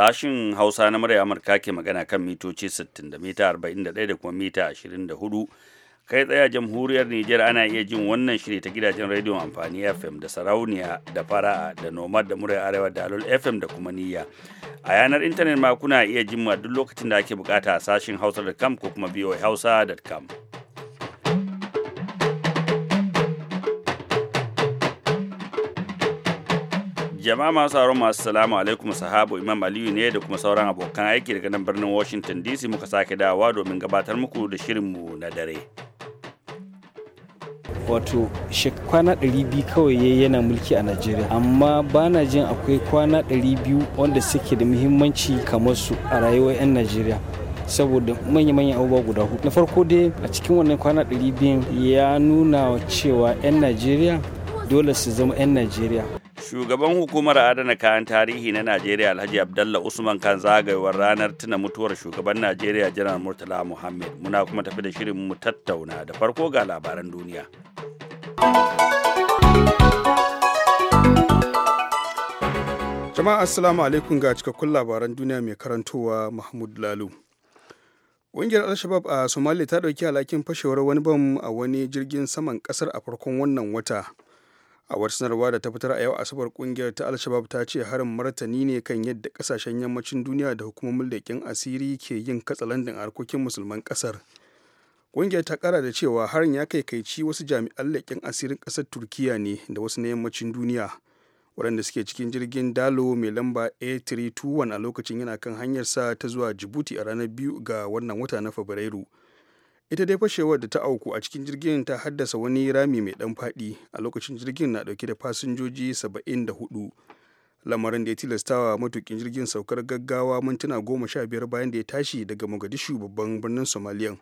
Sashin Hausa na murya Amurka ke magana kan mitoci 60 da mita 41 da kuma mita 24. Kai tsaya jamhuriyar Nijar ana iya jin wannan shiri ta gidajen rediyon amfani FM da sarauniya da fara'a da nomad da murya arewa da alol FM da kuma niyya. A yanar intanet ma kuna iya jin duk lokacin da ake bukata a sashin hausa.com ko kuma voahausa.com. Jama'a masu sauraron masu salamu alaikum sahabu Imam Aliyu ne da kuma sauran abokan aiki daga nan birnin Washington DC muka sake dawowa domin gabatar muku da shirin mu na dare. Wato kwana 200 kawai ya yana mulki a Najeriya amma ba na jin akwai kwana 200 wanda suke da muhimmanci kamar su a rayuwar 'yan Najeriya. saboda manya-manyan abubuwa guda hudu na farko dai a cikin wannan kwana 200 ya nuna cewa 'yan najeriya dole su zama 'yan najeriya shugaban hukumar adana kayan tarihi na najeriya alhaji abdalla usman kan zagayowar ranar tuna mutuwar shugaban najeriya janar murtala muhammad muna kuma tafi da shirin mu tattauna da farko ga labaran duniya jama'a assalamu alaikum ga cikakkun labaran duniya mai karantowa mahmud lalu Ƙungiyar Al-Shabab a Somalia ta ɗauki alhakin fashewar wani bam a wani jirgin saman ƙasar a farkon wannan wata. a wata sanarwa da ta fitar a yau asabar kungiyar ta alshabab ta ce harin martani ne kan yadda kasashen yammacin duniya da hukumomin leƙen asiri ke yin katsalandan harkokin musulman ƙasar kungiyar ta kara da cewa harin ya kai ci wasu jami'an leƙen asirin ƙasar turkiya ne da wasu na yammacin duniya waɗanda suke cikin jirgin dalo mai lamba a321 a lokacin yana kan hanyarsa ta zuwa jibuti a ranar biyu ga wannan wata na fabrairu ita dai fashewar da ta auku a cikin jirgin ta haddasa wani rami mai dan fadi a lokacin jirgin na dauke da fasinjoji 74 lamarin da ya tilastawa matukin jirgin saukar gaggawa mintuna goma sha biyar bayan da ya tashi daga mogadishu babban birnin somaliyan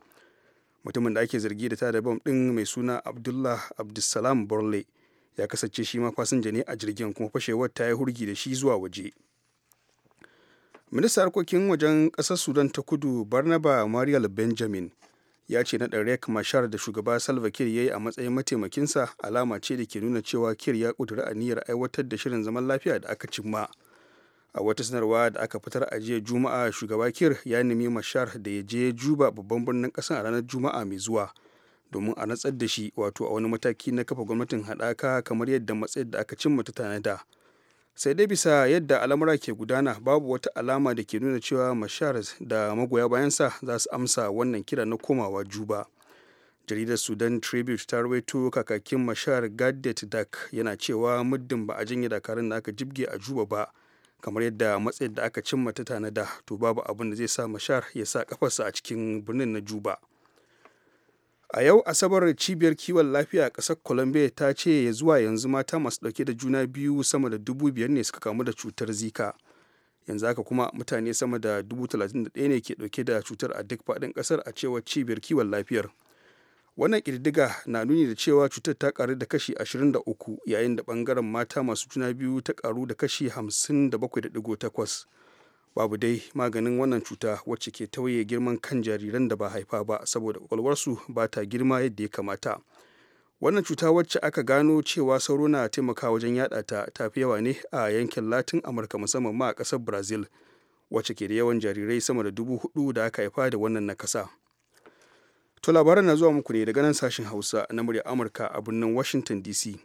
mutumin da ake zargi da tada bam din mai suna abdullah abdulsalam borle ya kasance shi ma fasinja ne a jirgin kuma fashewar ta yi hurgi da shi zuwa waje minista harkokin wajen ƙasar sudan ta kudu barnaba mariel benjamin ya ce naɗa rek mashar da shugaba salva kiir ya yi a matsayin mataimakinsa alama ce da ke nuna cewa kiir ya ƙudiri niyyar aiwatar da shirin zaman lafiya da aka cimma a wata sanarwa da aka fitar a jiya juma'a shugaba kiir ya nemi mashar da ya je juba babban birnin ƙasar a ranar juma'a mai zuwa domin a natsar da shi wato a wani mataki na kafa gwamnatin haɗaka kamar yadda matsayin da aka cimma ta tanada. sai dai bisa yadda al'amura ke gudana babu wata alama da ke nuna cewa masharas da magoya bayansa za su amsa wannan kira na komawa juba jaridar sudan tribute ta rawaito kakakin mashar gadet dak yana cewa muddin ba a janye dakarun da aka jibge a juba ba kamar yadda matsayin da aka cimma ta tanada to babu abin da zai sa mashar ya sa kafarsa a cikin birnin na juba a yau asabar cibiyar kiwon lafiya a ƙasar colombia ta ce ya zuwa yanzu mata masu ɗauke da juna biyu sama da dubu biyar ne suka kamu da cutar zika yanzu haka kuma mutane sama da dubu talatin da ɗaya ne ke ɗauke da cutar a duk faɗin ƙasar a cewar cibiyar kiwon lafiyar wannan ƙididdiga na nuni da cewa cutar ta karu da kashi 23 yayin da bangaren mata masu juna biyu ta karu da kashi 57.8 babu dai maganin wannan cuta wacce ke tauye girman kan jariran da ba haifa ba saboda kwakwalwarsu ba ta girma yadda ya kamata wannan cuta wacce aka gano cewa sauro na taimakawa wajen yada ta tafi yawa ne a yankin latin amurka musamman ma a kasar brazil wacce ke da yawan jarirai sama da dubu hudu da aka haifa da wannan nakasa to labaran na zuwa muku ne daga nan sashen hausa na murya amurka a birnin washington dc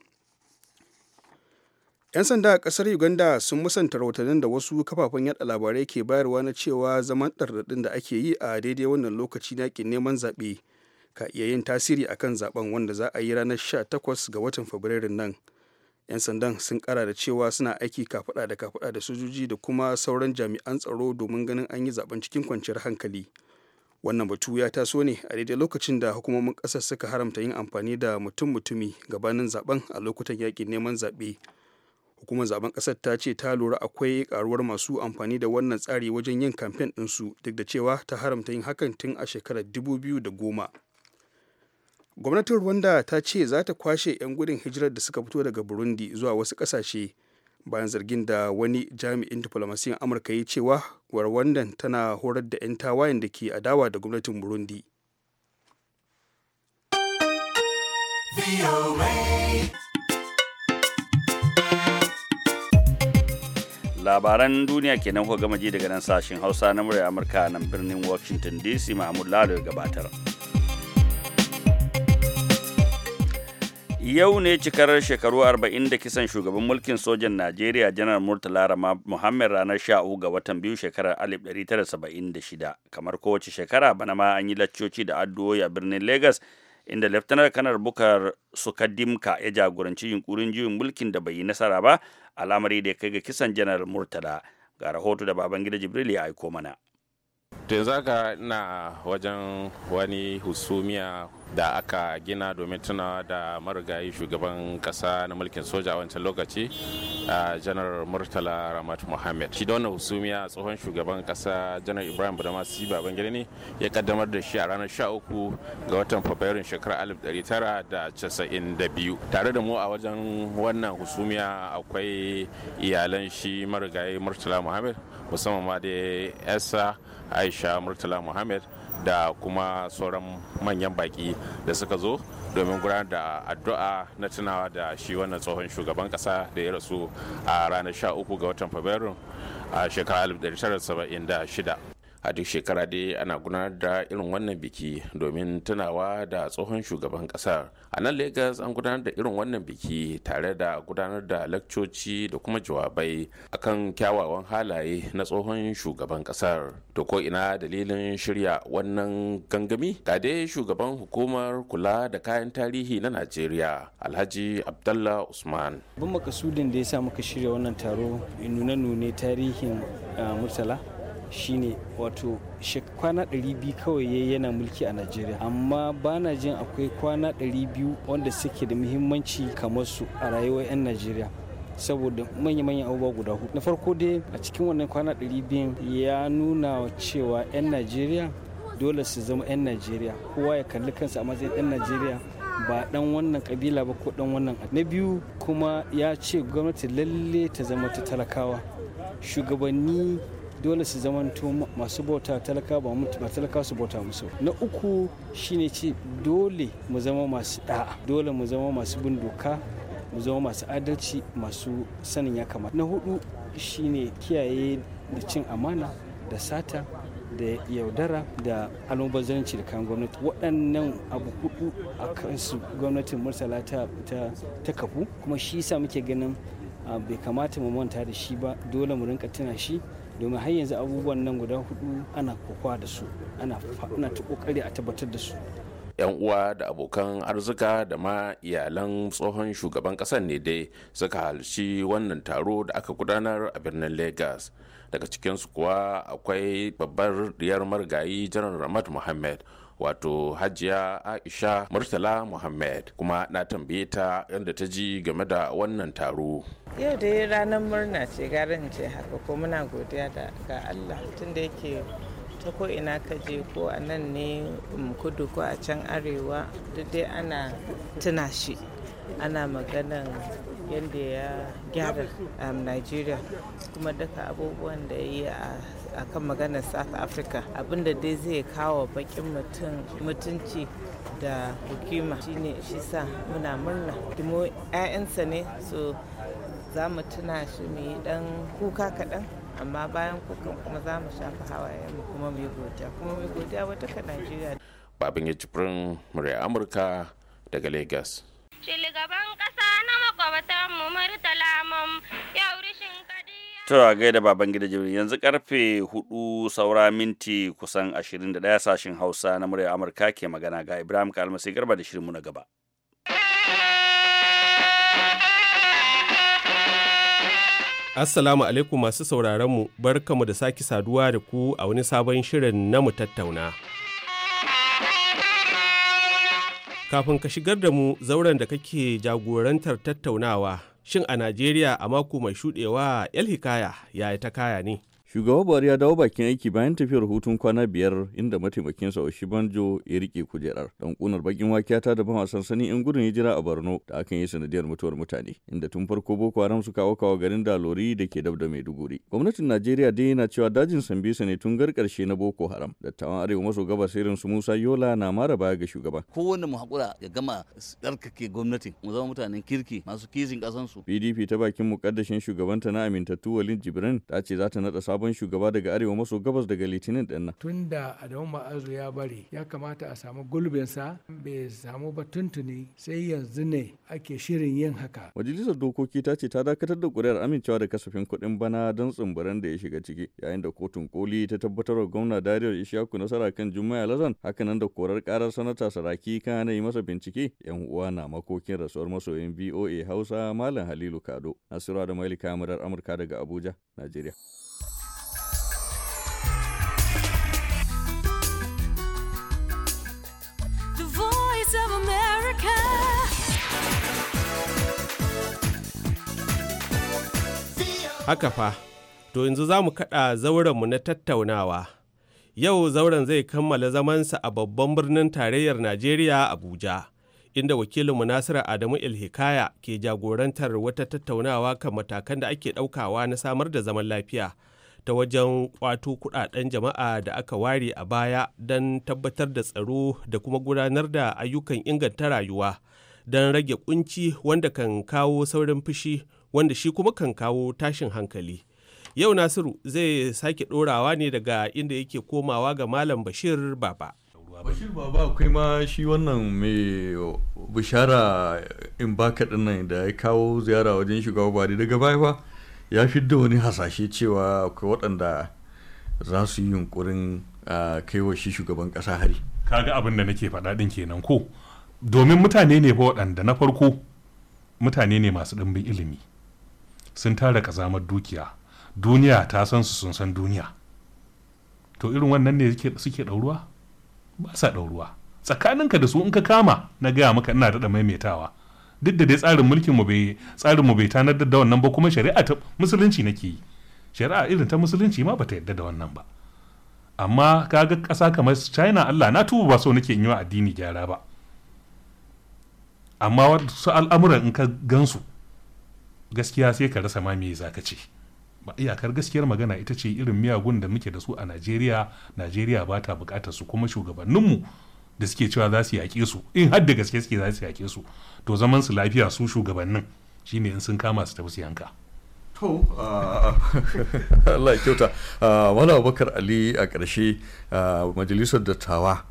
'yan sanda a kasar uganda sun musanta rahotannin da wasu kafafen yada labarai ke bayarwa na cewa zaman ɗarɗaɗin da ake yi a daidai wannan lokaci na neman zaɓe ka iya yin tasiri a kan zaɓen wanda za a yi ranar 18 ga watan fabrairun nan 'yan sandan sun kara da cewa suna aiki kafaɗa da kafaɗa da sojoji da kuma sauran jami'an tsaro domin ganin an yi zaɓen cikin kwanciyar hankali wannan batu ya taso ne a daidai lokacin da hukumomin ƙasar suka haramta yin amfani da mutum-mutumi gabanin zaɓen a lokutan yaƙin neman zaɓe hukumar zaben kasar ta ce ta lura akwai karuwar masu amfani da wannan tsari wajen yin kamfen ɗinsu duk da cewa ta haramta yin hakan tun a shekarar 2010 gwamnatin rwanda ta ce za ta kwashe 'yan gudun hijirar da suka fito daga burundi zuwa wasu ƙasashe bayan zargin da wani jami'in diflomasiyan amurka ya cewa rwandan tana horar da 'yan tawayen da ke adawa da gwamnatin burundi labaran duniya kenan kuka gama ji daga nan sashen hausa na murya amurka nan birnin washington dc mahmud lalo gabatar yau ne cikar shekaru 40 da kisan shugaban mulkin sojan najeriya janar murtala rama muhammad ranar 13 ga watan biyu shekarar 1976 kamar kowace shekara bana ma an yi laccoci da addu'o'i a birnin lagos inda laftanar kanar bukar su dimka ya jagoranci yunkurin juyin mulkin da bai yi nasara ba al'amari da ya kai ga kisan janar murtala ga rahoto da baban gida jibril ya aiko mana to yanzu haka ina wajen wani husumiya da aka gina domin tunawa da marigayi shugaban kasa na mulkin soja a wancan lokaci a janar murtala ramat Mohammed. shi da wannan husumiya tsohon shugaban kasa janar ibrahim budama si babangida ne ya kaddamar da shi a ranar 13 ga watan fabrairun shekarar 1992 tare da mu a wajen wannan husumiya akwai iyalan shi marigayi murtala Mohammed, musamman ma da yasa aisha murtala muhammad da kuma sauran manyan baki da suka zo domin gudanar da addu'a na tunawa da shi wannan tsohon shugaban kasa da ya rasu a ranar 13 ga watan fabrairu a shekarar 1976 a duk shekara dai ana gudanar da irin wannan biki domin tunawa da tsohon shugaban kasar a nan lagos an gudanar da irin wannan biki tare da gudanar da lakcoci da kuma jawabai akan kyawawan halaye na tsohon shugaban kasar to ko ina dalilin shirya wannan gangami ga dai shugaban hukumar kula da kayan tarihi na najeriya alhaji abdallah usman bin makasudin da ya sa muka shirya wannan taro nune-nune tarihin ah, murtala shine wato kwana 200 kawai ya yana mulki a najeriya amma ba na jin akwai kwana 200 wanda suke da muhimmanci kamar su a rayuwar 'yan najeriya saboda manya-manyan abubuwa guda hudu na farko dai a cikin wannan kwana 200 ya nuna cewa 'yan najeriya dole su zama 'yan najeriya kowa ya kalli kansa a matsayin 'yan najeriya ba dan wannan kabila ba ko dan wannan na biyu kuma ya ce gwamnati lalle ta zama ta talakawa shugabanni dole su zamanto masu bauta talaka ba talaka su bauta musu na uku shine ce dole mu zama masu da'a dole mu zama masu bin doka mu zama masu adalci masu sanin ya kamata na hudu shine kiyaye da cin amana da sata da yaudara da almubazzaranci da kan gwamnati waɗannan abu hudu a kansu gwamnatin murtala ta, ta kafu kuma shi sa muke ganin ah, bai kamata mu manta da shi ba dole mu rinka tuna shi domin har yanzu abubuwan nan guda hudu ana kokowa da su ana ta kokari a tabbatar da su yan uwa da abokan arzika da ma iyalan tsohon shugaban kasar ne dai suka halarci wannan taro da aka gudanar a birnin lagos daga cikinsu kuwa akwai babbar diyar marigayi janar ramad muhammad wato hajiya aisha murtala muhammad kuma na tambaye ta yadda ta ji game da wannan taro yau dai ranar murna ce garin ce haka ko muna godiya ga allah tun da yake ta ko ina ka je ko a nan ne um, kudu ko a can arewa duk dai ana tuna shi ana maganan yadda ya gyara a um, nigeria kuma duka abubuwan da ya yi a akan maganar south africa abinda dai zai kawo bakin mutum mutunci da hukuma shine shi sa muna murna dimo 'ya'yansa ne so za mu tuna shi mu yi dan kuka kaɗan amma bayan kukan kuma za mu shafa hawaye mu kuma mu yi godiya kuma mu yi godiya wata ka najeriya babin ya jibrin murya amurka daga lagos shugaban kasa na makwabtan mu murtala mam yau rishin kadi a gaida baban gida Jibril yanzu karfe hudu saura minti kusan ashirin da ɗaya. Sashen Hausa na murya Amurka ke magana ga Ibrahim Kalmasi Garba da shirinmu na gaba. Assalamu alaikum masu sauraronmu barkamu da sake saduwa da ku a wani sabon shirin na mu tattauna. Kafin ka shigar da mu zauren da kake jagorantar tattaunawa Shin a Najeriya a mako mai shuɗewa 'yar Hikaya ya ta kaya ne? shugaban Buhari ya dawo bakin aiki bayan tafiyar hutun kwana biyar inda mataimakin mataimakinsa Oshibanjo ya rike kujerar. don kunar bakin wakiyata ta da bama sansani yan gudun hijira a Borno da akan yi sanadiyar mutuwar mutane inda tun farko Boko Haram suka kawo kawo garin Dalori da ke dab da Maiduguri. Gwamnatin Najeriya dai yana cewa dajin Sambisa ne tun garkarshe na Boko Haram. Dattawan Arewa maso gabas irin su Musa Yola na mara baya ga shugaban. kowane mu hakura ya gama tsarkake gwamnati mu zama mutanen kirki masu kizin kasansu. PDP ta bakin mukaddashin shugabanta na amintattu Walid Jibrin ta ce za ta nada sabon shugaba daga arewa maso gabas daga litinin din nan tun da adamu ma'azu ya bari ya kamata a samu gulbinsa bai samu ba tuntuni sai yanzu ne ake shirin yin haka majalisar dokoki ta ce ta dakatar da kuri'ar amincewa da kasafin kuɗin bana don tsumburan da ya shiga ciki yayin da kotun koli ta tabbatar da gwamna dariyar ishaku nasara kan jummai lazan hakanan da korar karar sanata saraki kan yi masa bincike yan uwa na makokin rasuwar masoyin voa hausa malam halilu kado nasiru da maili kamarar amurka daga abuja najeriya Haka fa, to yanzu za mu kaɗa zaurenmu na tattaunawa. Yau zauren zai kammala zamansa a babban birnin tarayyar Najeriya Abuja, inda Wakilin Nasiru Adamu Ilhikaya ke jagorantar wata tattaunawa kan matakan da ake ɗaukawa na samar da zaman lafiya ta wajen kwato kudaden jama'a da aka ware a baya don tabbatar da tsaro da kuma gudanar da ayyukan inganta rayuwa don rage kunci wanda kan kawo saurin fushi wanda shi kuma kan kawo tashin hankali. Yau Nasiru zai sake dorawa ne daga inda yake komawa ga Malam Bashir Baba. Bashir Baba akwai ma shi wannan mai bishara in baka dinnan da ya kawo ziyara wajen shiga ba daga baya ba ya da wani hasashe cewa akwai waɗanda za su yi yunkurin kaiwa shi shugaban ƙasa hari kaga abin da nake faɗa ɗin kenan ko domin mutane ne fa waɗanda na farko mutane ne masu ɗimbin ilimi sun tara ƙazamar dukiya duniya ta san su sun san duniya to irin wannan ne suke ɗauruwa ba sa ɗauruwa tsakaninka da su in ka kama na gaya maka ina daɗa maimaitawa duk da dai tsarin mulkin mu bai tsarin mu bai tanar da wannan ba kuma shari'a ta musulunci nake yi shari'a irin ta musulunci ma bata yadda da wannan ba amma kaga kasa kamar china allah na tuba ba so nake yi wa addini gyara ba amma wasu al'amuran in ka gansu gaskiya sai ka rasa ma me za ka ce ba iyakar gaskiyar magana ita ce irin miyagun da muke da su a najeriya najeriya ba ta bukatar su kuma shugabanninmu da suke cewa za su yaƙe su in har da gaske suke za su yaƙe su to zaman su lafiya su shugabannin shine in sun kama su tafi su yanka to uh, Allah kyauta wani uh, abubakar ali a ƙarshe uh, majalisar dattawa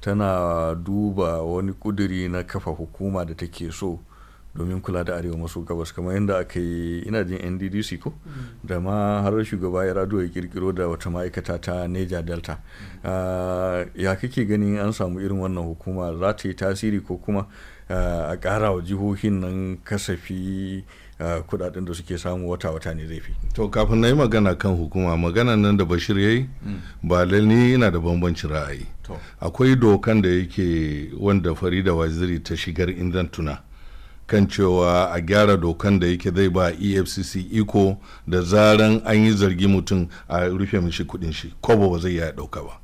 tana duba wani ƙuduri na kafa hukuma da take so domin kula da arewa maso gabas kamar yadda aka yi ina jin nddc ko mm. da ma har shugaba ya rado ya kirkiro da wata ma'aikata ta neja delta mm. ah, ya kake ganin an samu irin wannan hukuma za ta yi tasiri ko kuma ah, a ƙara wa jihohin nan kasafi ah, kudaden da suke samu wata-wata ne zai fi to kafin na yi magana kan hukuma magana nan da bashir ya yi mm. ba lalni yana da bambancin ra'ayi akwai dokan da yake wanda farida waziri ta shigar inzantuna tuna kan cewa a gyara dokan da yake zai ba efcc iko da zaran an yi zargi mutum a rufe mishi kudin shi kobo ba zai ya dauka ba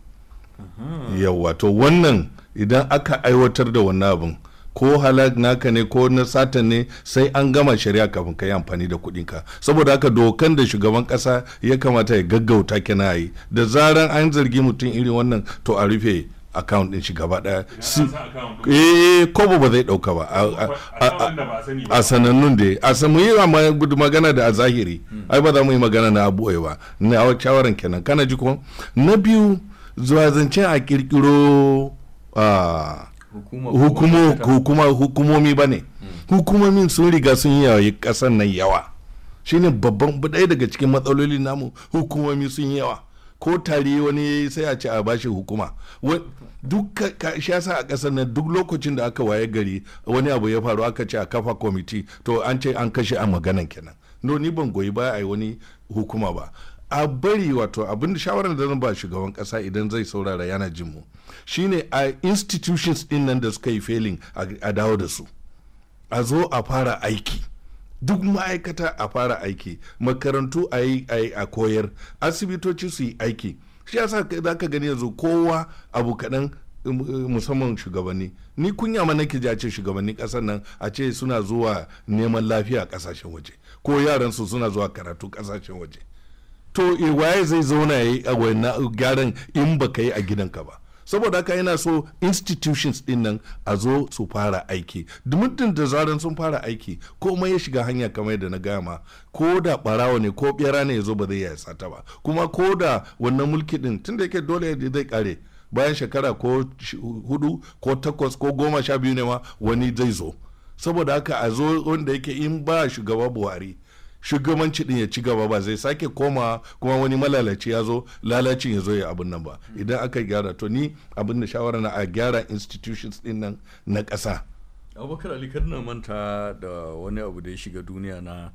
yawwa to wannan idan aka aiwatar da wannan abin ko halak naka ne ko na sata ne sai an gama shari'a kafin ka yi amfani da kuɗinka saboda haka dokan da shugaban kasa ya kamata ya gaggauta kina yi da zaran an zargi mutum irin wannan to a rufe account din shi gaba daya eh kobo ba zai dauka ba a sanannun da a san yi magana da a zahiri hmm. ai ba za mu yi magana na abuwai ba na a shawaran kenan kana ji ko na biyu zuwa zancen a kirkiro hukumomi ba ne hmm. hukumomin sun riga sun yi kasan nan yawa shine babban ɗaya daga cikin matsaloli namu hukumomi sun yawa ko tare wani sai a ce a bashi hukuma duk shi sa a kasar nan duk lokacin da aka waye gari wani abu ya faru aka ce a kafa komiti to an ce an kashe a maganan kenan no ni ban goyi ba a yi wani hukuma ba a bari wato abin da shawarar da zan ba shugaban ƙasa idan zai saurara yana jin mu shine a institutions din nan da suka yi failing a dawo da su a zo a fara aiki duk ma'aikata a fara aiki makarantu a yi a koyar asibitoci su yi aiki shi yasa za ka gani yanzu kowa abu kaɗan um, um, musamman shugabanni ni kunya ma nake ji a ce shugabannin ƙasar nan a ce suna zuwa neman lafiya a ƙasashen waje ko yaransu suna zuwa karatu ƙasashen waje to eh, waye zai zauna ya yi a gyaran in ba ka yi a gidanka ba saboda haka yana so institutions din nan a zo su fara aiki muddin da zaran sun fara aiki ko mai ya shiga hanya kamar da na gama ko da barawa ne ko bera ne ya zo ba zai ya sata ba kuma ko da wannan mulki din tunda yake dole zai kare bayan shekara ko hudu ko takwas ko goma sha biyu ne ma wani zai zo saboda haka a zo wanda yake in ba shugaba buhari shugabanci din ya ci gaba ba zai sake koma kuma wani malalaci ya zo lalacin ya zo ya abin nan ba hmm. idan aka gyara to ni abin da shawara na a gyara institutions din nan na ƙasa abubakar ali kar na manta da wani abu da ya shiga duniya na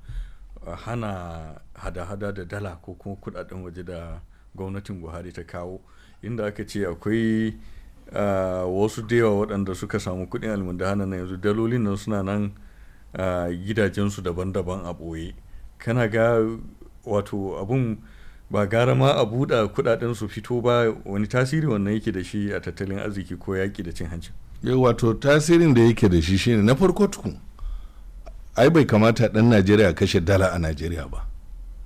hana hada-hada da dala ko kuma kudaden waje da gwamnatin buhari ta kawo inda aka ce akwai wasu da yawa waɗanda suka samu kuɗin almundahana na yanzu dalolin nan suna nan gidajensu daban-daban a ɓoye kana ga wato abun ba gara ma a buɗa kudaden su fito ba wani tasiri wannan yake da shi a tattalin arziki ko yaƙi da cin hanci eh, wato tasirin da yake da shi shine na farko tukun ai bai kamata ɗan najeriya kashe dala a najeriya ba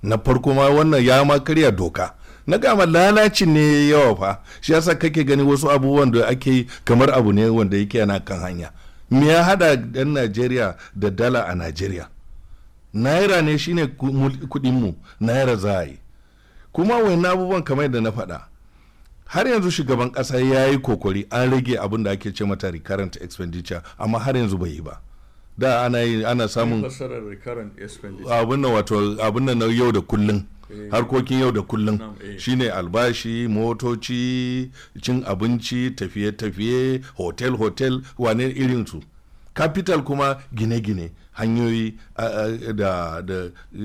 na farko ma wannan ya ma karya doka na gama lalacin ne yawa fa shi yasa kake gani wasu abubuwan da ake yi kamar abu ne wanda yake yana kan hanya me ya hada ɗan najeriya da dala a najeriya naira ne shine kudinmu naira za a yi kuma wani abubuwan kamar da na faɗa har yanzu shugaban ƙasa ya yi kokori an rage abin da ake ce mata recurrent expenditure amma har yanzu bai yi ba da ana yi ana samun abin da wato abin na yau da kullun eh. harkokin yau da kullun eh. shine albashi motoci cin abinci tafiye-tafiye hotel-hotel wane irinsu capital kuma gine-gine hanyoyi da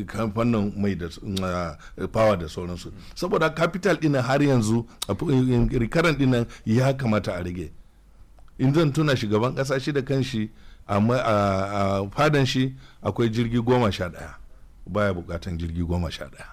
kamfanin mai da power da sauransu saboda capital dinan har yanzu rikaran dinan ya kamata a rage in zan tuna shugaban kasa shi da kanshi a fadan shi akwai jirgi goma sha daya baya bukatan jirgi goma sha daya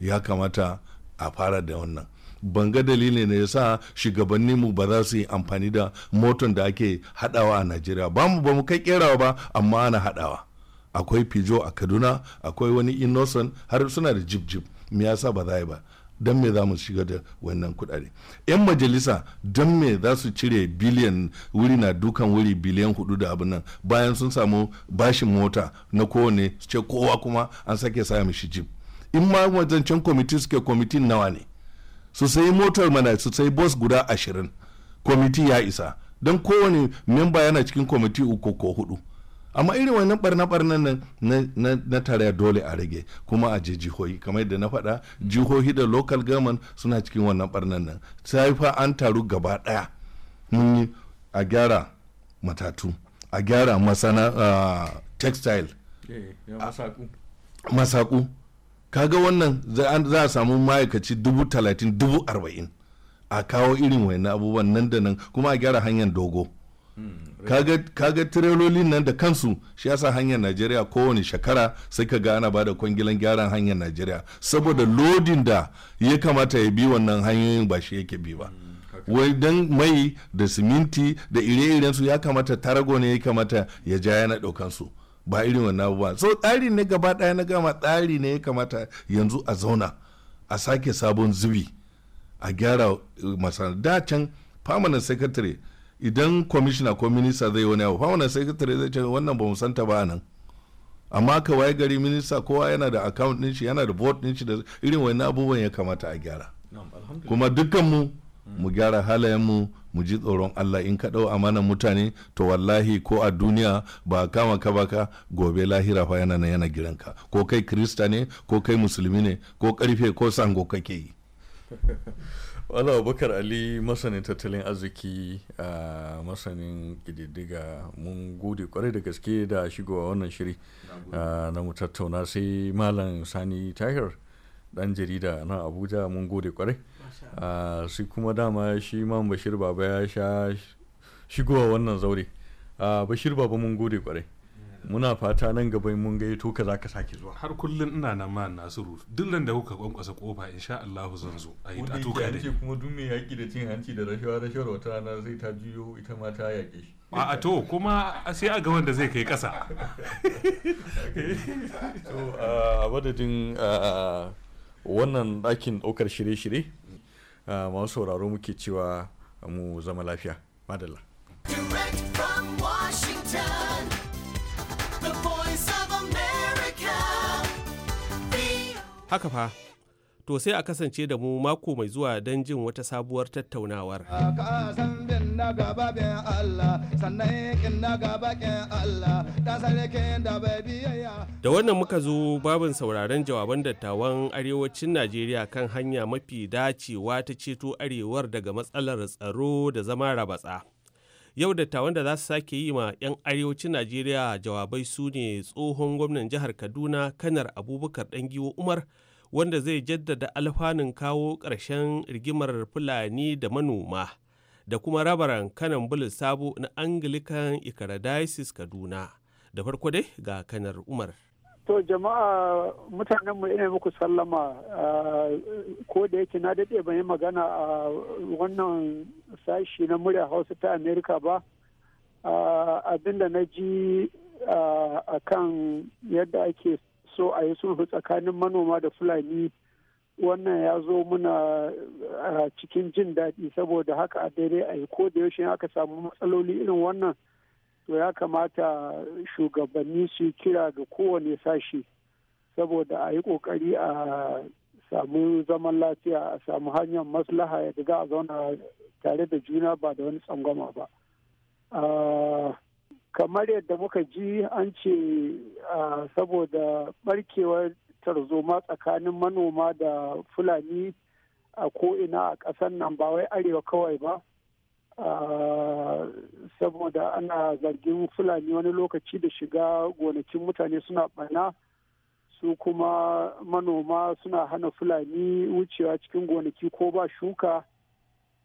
ya kamata a fara da wannan ban ga dalilin ne yasa shugabannin mu ba za su yi amfani da moton da ake hadawa a Najeriya ba mu ba mu kai kerawa ba amma ana hadawa akwai Pijo a Kaduna akwai wani Innocent har suna da jib jib me yasa ba za yi ba don me za mu shiga da wannan kudade yan majalisa don me za su cire biliyan wuri na dukan wuri biliyan hudu da abin nan bayan sun samu bashin mota na kowane ce kowa kuma an sake sa mishi jib in ma wajen kwamiti suke kwamitin nawa ne su sayi motar mana su sayi bus guda ashirin kwamiti ya isa don kowane memba yana cikin kwamiti uku ko hudu amma irin wannan barna barna na, na tare dole a rage kuma a je jihohi kamar yadda na faɗa jihohi da local government suna cikin wannan barnan nan sai fa an taru gaba ɗaya mun yi a gyara matatu a gyara masana ah, textile eh, masaku kaga wannan za a samu ma'aikaci dubu talatin dubu arba'in a kawo irin wani abubuwan nan da nan kuma a gyara hanyar dogo hmm, kaga tirelolin nan da kansu shi yasa hanyar najeriya kowane shekara sai ka ga ba da kwangilan gyaran hanyar najeriya saboda lodin da ya kamata ya bi wannan hanyoyin ba shi yake bi ba hmm, wai don mai da siminti da ire-irensu ya kamata tarago ne ya kamata ya ja yana ɗaukansu ba irin wannan abubuwa so tsari ne gaba ɗaya na gama tsari ne ya kamata yanzu a zauna a sake sabon zubi a gyara eh, masana can permanent secretary idan kwamishina ko minista zai wani abu permanent secretary zai ce wannan ba mu santa ba nan amma ka waye gari minista kowa yana da account din shi yana da board din shi da irin wani abubuwan ya kamata a gyara kuma dukkan mu mu gyara halayenmu mu ji tsoron Allah in ka ɗau amanan mutane to wallahi ko a duniya ba a kama ka baka gobe lahira fa yana yana giranka ko kai krista ne ko kai musulmi ne ko karfe ko sango kake yi wala abubakar ali masanin tattalin arziki a masanin kididdiga mun gode kwarai da gaske da shigowa wannan shiri na mu tattauna sai malam sani tahir dan jarida na abuja mun gode kwarai Ah, shi kuma dama shi man bashir baba ya sha shigowa wannan zaure ah, bashir baba mun gode kwarai muna fata nan gaba mun to ka za ka sake zuwa har kullum ina nan ma nasiru duk da kuka kwankwasa kofa insha Allah zan zo a yi ka da kuma duk yaki da cin hanci da rashawa rashawar wata rana sai ta juyo ita ma ta yaƙe a to kuma sai a ga wanda zai kai kasa to ah, a madadin wannan ɗakin ɗaukar shirye-shirye Eh, masu sauraro muke cewa mu zama lafiya madalla haka fa To sai a kasance da mu mako mai zuwa don jin wata sabuwar tattaunawar. Ah, da wannan muka zo babin sauraron jawaban dattawan arewacin Najeriya kan hanya mafi dacewa ta ceto arewar daga matsalar tsaro da zama rabatsa. yau dattawan da za su sake yi ma 'yan arewacin najeriya jawabai su ne tsohon gwamnan jihar kaduna kanar abubakar ɗangiwo umar wanda zai jaddada alfanun kawo ƙarshen rigimar fulani da manoma da kuma rabaran kanan bulin sabo na anglican ikaradisis kaduna da farko dai ga kanar umar to jama'a mutanenmu ina muku sallama eh, ko da yake na daɗe ban yi magana a wannan sashi na murya hausa ta amerika ba eh, abinda na ji eh, a kan yadda ake so a yi sulhu tsakanin manoma da fulani wannan ya zo muna a cikin jin daɗi saboda haka a daidai a yi ko da yaushe aka samu matsaloli irin wannan to ya kamata shugabanni su kira ga kowane sashi saboda a yi ƙoƙari a samu zaman lafiya a samu hanyar maslaha ya ga a zauna tare da juna ba da wani tsangwama ba. Ah, kamar yadda muka ji an ce saboda barkewar tarzoma tsakanin manoma da fulani a ko'ina a ƙasar nan ba wai arewa kawai ba saboda ana zargin fulani wani lokaci da shiga gonakin mutane suna ɓana su kuma manoma suna hana fulani wucewa cikin gonaki ko ba shuka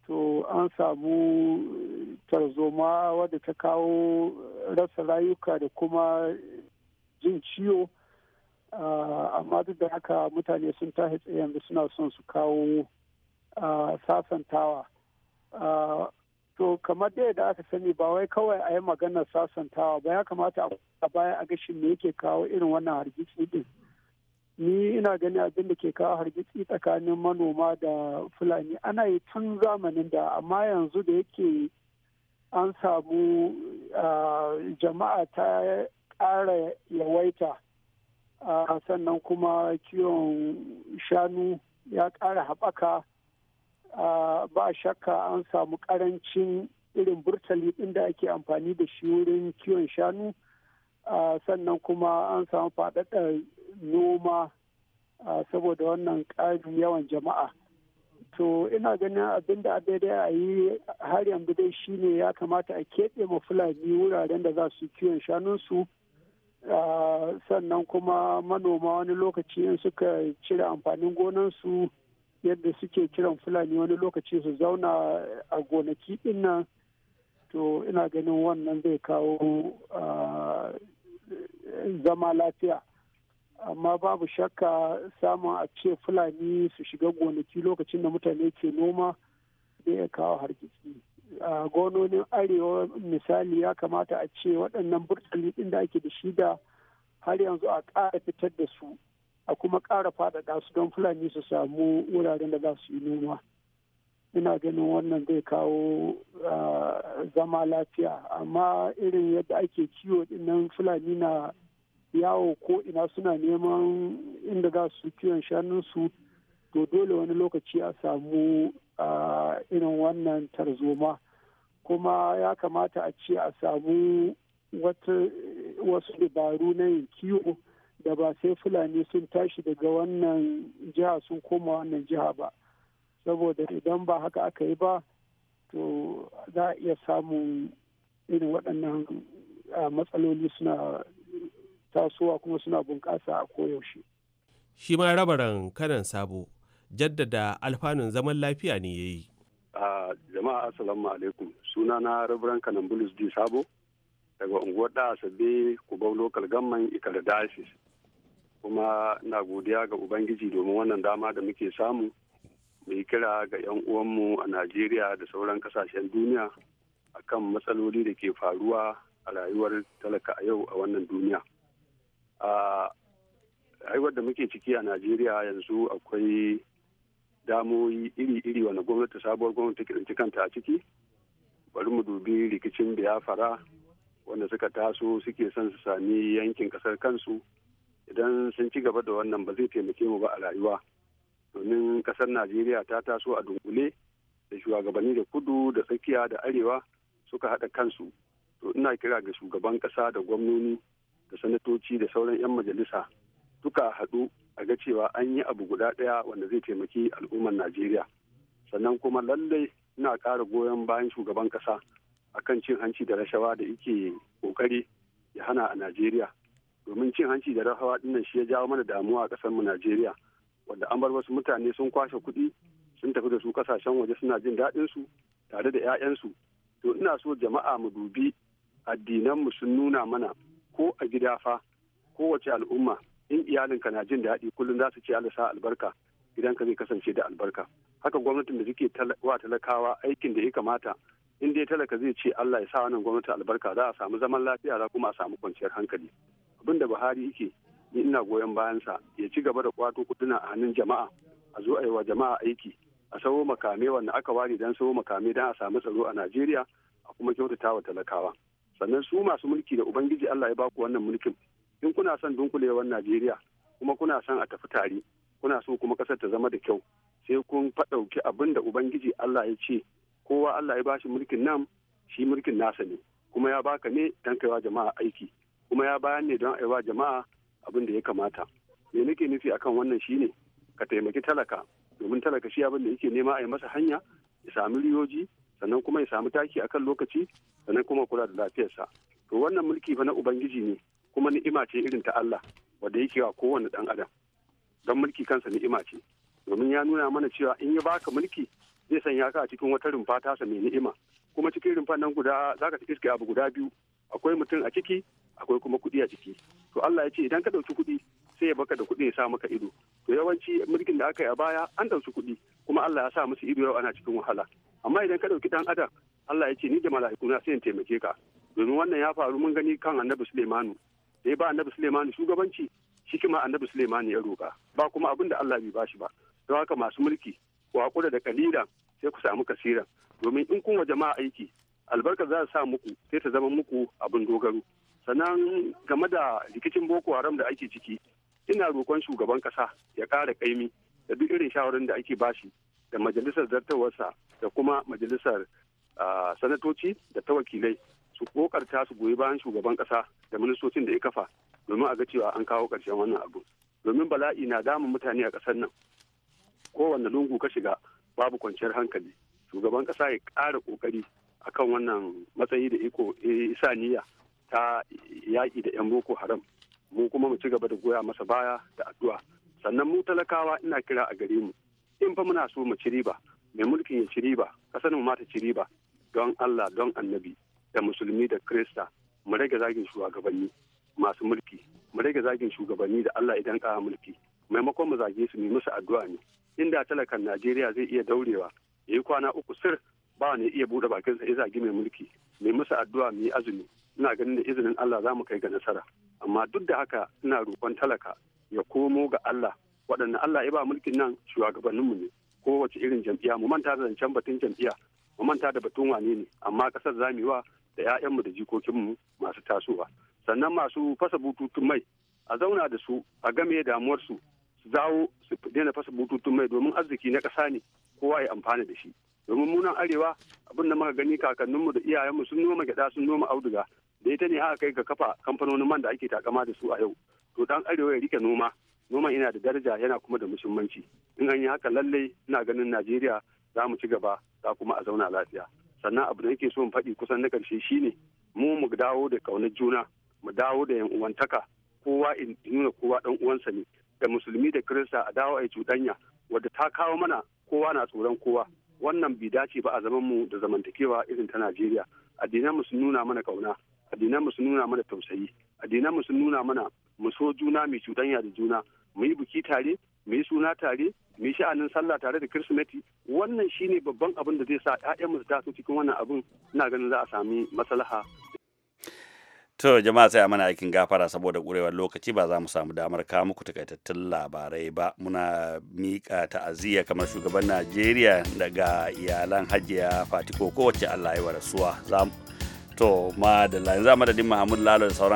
to an samu eh, tarzoma wadda ta kawo eh, rasa rayuka da kuma jin ciwo ah, amma duk da haka mutane sun tashi tsaye yanzu suna son su kawo ah, sasantawa ah, to kamar dai da aka sani ba wai kawai a yi maganar sasantawa ba ya kamata a baya a gashin me yake kawo irin wannan hargitsi din ni ina gani abin da ke kawo hargitsi tsakanin manoma da fulani ana yi tun zamanin da amma yanzu da yake an samu jama'a ta ƙara yawaita sannan kuma kiwon shanu ya ƙara haɓaka ba shakka an samu ƙarancin irin burtali ɗin da ake amfani da shi wurin kiwon shanu sannan kuma an samu faɗaɗar noma saboda wannan ƙarin yawan jama'a to ina ganin abin da da a yi har yanzu dai shine ya kamata a keɓe ma fulani wuraren da za su kiwon shanunsu sannan kuma manoma wani lokaci in suka cire amfanin gonansu yadda suke kiran fulani wani lokaci su zauna a gonaki dinnan to ina ganin wannan zai kawo zama lafiya amma babu shakka samun a ce fulani su shiga gonaki lokacin da mutane ke noma da ya kawo hargitsi a gononin arewa misali ya kamata a ce waɗannan burtali ɗin da ake da shi da har yanzu a ƙara fitar da su a kuma ƙara faɗaɗa su don fulani su samu wuraren da za su yi noma ina ganin wannan zai kawo zama lafiya amma irin yadda ake kiwo ɗinan fulani na yawo ko ina suna neman inda za su kiwon shanunsu to dole wani lokaci a samu irin wannan tarzoma kuma ya kamata a ce a samu wasu dabaru na yin kiwo da ba sai fulani sun tashi daga wannan jiha sun koma wannan jiha ba saboda idan ba haka aka yi ba to za a iya samun irin waɗannan matsaloli suna tasowa kuma suna bunƙasa a koyaushe. Shi ma rabaran kanan sabo jaddada alfanun zaman lafiya ne ya yi. jama'a assalamu alaikum suna na rabaran kanan bulus di sabo daga unguwar da asabe kubau lokal gamman ikar diocese kuma na godiya ga ubangiji domin wannan dama da muke samu mu yi kira ga 'yan uwanmu a najeriya da sauran kasashen duniya akan matsaloli da ke faruwa a rayuwar talaka a yau a wannan duniya. A aiwar da muke ciki a najeriya yanzu akwai damoyi iri-iri wanda gwamnati sabuwar gwamnati kiranci kanta a ciki bari mu dubi rikicin biyafara wanda suka taso suke son su sami yankin kasar kansu idan sun ci gaba da wannan ba zai taimake mu ba a rayuwa domin kasar najeriya ta taso a dunkule da shugabanni da kudu da tsakiya da arewa suka haɗa kansu to ina kira ga shugaban ƙasa da gwamnoni da sanatoci da sauran 'yan majalisa duka haɗu a ga cewa an yi abu guda ɗaya wanda zai taimaki al'ummar najeriya sannan kuma lallai ina kara goyon bayan shugaban ƙasa kan cin hanci da rashawa da yake ƙoƙari ya hana a najeriya domin cin hanci da rashawa dinnan shi ya jawo mana damuwa a ƙasar mu najeriya wanda an bar wasu mutane sun kwashe kuɗi sun tafi da su ƙasashen waje suna jin daɗin su tare da 'ya'yansu to ina so jama'a mu dubi addinan mu sun nuna mana ko a gida fa kowace al'umma in iyalinka na jin daɗi kullum za su ce Allah sa albarka ka zai kasance da albarka haka gwamnatin da suke wa talakawa aikin da ya kamata in dai talaka zai ce Allah ya sa wannan gwamnati albarka za a samu zaman lafiya za kuma a samu kwanciyar hankali abinda Buhari yake ni ina goyon bayansa ya ci gaba da kwato kuduna a hannun jama'a a zo a yi wa jama'a aiki a sawo makame wanda aka ware dan sawo makame dan a samu tsaro a Najeriya a kuma kyautata wa talakawa. sannan su masu mulki da ubangiji Allah ya ba ku wannan mulkin in kuna son dunkulewar Najeriya kuma kuna son a tafi tare kuna so kuma kasar ta zama da kyau sai kun faɗauki abin da ubangiji Allah ya ce kowa Allah ya bashi mulkin nan shi mulkin nasa ne kuma ya baka ne don kaiwa jama'a aiki kuma ya bayan ne don aiwa jama'a abin da ya kamata me nake nufi akan wannan shine ka taimaki talaka domin talaka shi abin da yake nema a yi masa hanya ya sami riyoji sannan kuma ya samu taki akan lokaci sannan kuma kula da lafiyarsa to wannan mulki fa na ubangiji ne kuma ni'ima ce irin ta Allah wanda yake wa kowane dan adam don mulki kansa ni'ima ce domin ya nuna mana cewa in ya baka mulki zai sanya ka a cikin wata rumfa tasa mai ni'ima kuma cikin rumfan nan guda zaka iske abu guda biyu akwai mutum a ciki akwai kuma kuɗi a ciki to Allah ya ce idan ka dauki kuɗi sai ya baka da kuɗi ya sa maka ido to yawanci mulkin da aka yi a baya an ɗauki kuɗi kuma Allah ya sa musu ido yau ana cikin wahala amma idan ka ɗauki ɗan adam Allah ya ce ni da mala'ikuna sai in taimake ka domin wannan ya faru mun gani kan annabi Suleimanu da ya ba annabi Sulaimanu shugabanci shi kuma annabi Sulaimanu ya roka. ba kuma abin da Allah bai bashi ba don haka masu mulki ku hakura da kalila sai ku samu kasira domin in kun wa jama'a aiki albarka za ta sa muku sai ta zama muku abin dogaro sannan game da rikicin boko haram da ake ciki ina roƙon shugaban ƙasa ya ƙara kaimi da duk irin shawarar da ake bashi da majalisar zartawarsa da kuma majalisar sanatoci da ta wakilai su kokarta su goyi bayan shugaban kasa da ministocin da ya kafa domin a ga cewa an kawo ƙarshen wannan abu domin bala'i na damun mutane a ƙasar nan kowanne lungu ka shiga babu kwanciyar hankali shugaban kasa ya ƙara ƙoƙari akan wannan matsayi da iko isa niyya ta yaƙi da 'yan boko haram mu kuma mu ci gaba da goya masa baya da addu'a sannan mu talakawa ina kira a gare mu in fa muna so mu ci riba mai mulkin ya ci riba kasar mu mata ta ci don Allah don annabi da musulmi da krista mu rage zagin shugabanni masu mulki mu rage zagin shugabanni da Allah idan ka mulki maimakon mu zage su mu musu addu'a ne inda talakan Najeriya zai iya daurewa yayi kwana uku sir ba ne iya bude bakin sa ya mai mulki mai musu addu'a mu yi azumi ina ganin da izinin Allah za mu kai ga nasara amma duk da haka ina roƙon talaka ya komo ga Allah waɗanda Allah ya ba mulkin nan shugabanninmu ne kowace irin jam'iyya mu manta da zancen batun jam'iyya mu manta da batun wane ne amma ƙasar zamu yi wa da 'ya'yanmu da jikokinmu masu tasowa sannan masu fasa bututun mai a zauna da su a game damuwarsu su zawo su daina fasa bututun mai domin arziki na ƙasa ne kowa ya amfana da shi domin munan arewa abin da muka gani kakanninmu da iyayenmu sun noma gyaɗa sun noma auduga da ita ne haka kai ga kafa kamfanonin man da ake takama da su a yau to dan arewa ya rike noma noman ina da daraja yana kuma da muhimmanci in an yi haka lallai ina ganin najeriya za mu ci gaba za kuma a zauna lafiya sannan abu da nake so in faɗi kusan na ƙarshe shine mu mu dawo da ƙaunar juna mu dawo da yan uwantaka kowa in nuna kowa ɗan uwansa ne da musulmi da kirista a dawo a yi cuɗanya wadda ta kawo mana kowa na tsoron kowa wannan bai dace ba a zaman mu da zamantakewa irin ta Najeriya addinan mu sun nuna mana ƙauna. addinan mu sun nuna mana tausayi addinan mu sun nuna mana mu so juna mai cutanya da juna mu yi biki tare mu yi suna tare mu yi sha'anin sallah tare da kirsimeti wannan shine babban abin da zai sa 'ya'yanmu su taso cikin wannan abin ina ganin za a sami maslaha To jama'a sai a mana aikin gafara saboda ƙurewar lokaci ba za mu samu damar kawo muku takaitattun labarai ba muna miƙa ta'aziyya kamar shugaban Najeriya daga iyalan hajiya Fatiko kowace Allah ya rasuwa. To ma da mu da din Muhammadu Lalo da sauran